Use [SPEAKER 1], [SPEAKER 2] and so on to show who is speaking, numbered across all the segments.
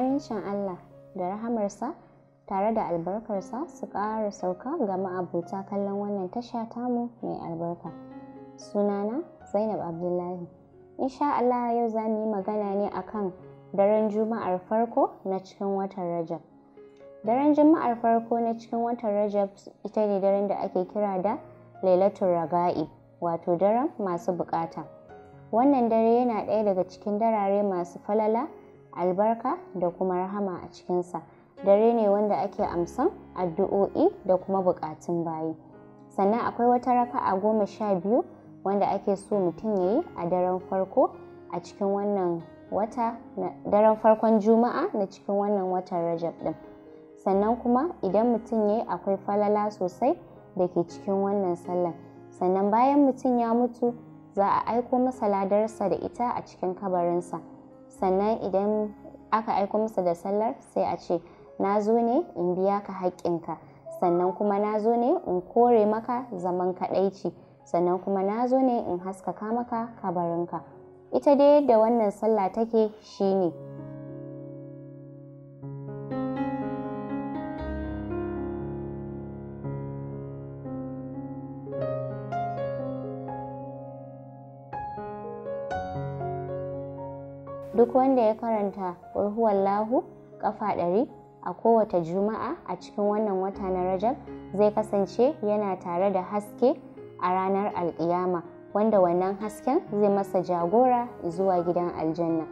[SPEAKER 1] Amincin Allah da rahamarsa tare da albarkarsa su ƙara sauka ga ma'abuta kallon wannan tasha tamu mai albarka. Sunana Zainab Abdullahi. Insha Allah yau za mu yi magana ne akan daren Juma'ar farko na cikin watan Rajab. Daren Juma'ar farko na cikin watan Rajab ita ne daren da ake kira da Lailatul Raga'i, wato daren masu bukata. Wannan dare yana ɗaya daga cikin darare masu falala. albarka da kuma rahama a cikinsa dare ne wanda ake amsan addu'o'i da kuma bukatun bayi sannan akwai wata raka'a goma sha biyu wanda ake so mutum ya yi a daren farko a cikin wannan wata daren farkon juma'a na cikin wannan watan rajab din sannan kuma idan mutum ya yi akwai falala sosai da ke cikin wannan sallan sannan bayan mutum ya mutu za a aiko masa ladarsa da ita a cikin kabarinsa. sannan idan aka aiko masa da sallar sai a ce na zo ne in biya ka haƙƙinka sannan kuma na zo ne in kore maka zaman kaɗaici sannan kuma na zo ne in haskaka maka kabarinka ita dai yadda wannan sallah take shine duk wanda ya karanta Lahu ƙafa ɗari a kowace juma'a a cikin wannan wata na rajab zai kasance yana tare da haske a ranar alƙiyama wanda wannan hasken zai masa jagora zuwa gidan aljanna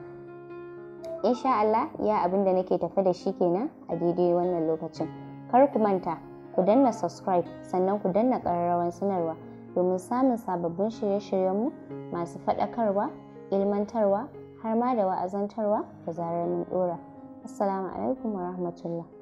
[SPEAKER 1] insha Allah ya abin da nake tafe da shi kenan a daidai wannan lokacin kar ku manta ku danna subscribe sannan ku danna ƙararrawar sanarwa domin samun sababbin shirye-shiryenmu masu faɗakarwa ilmantarwa har ma da wa'azantarwa da zarar mun ɗora. Assalamu alaikum wa rahmatullah.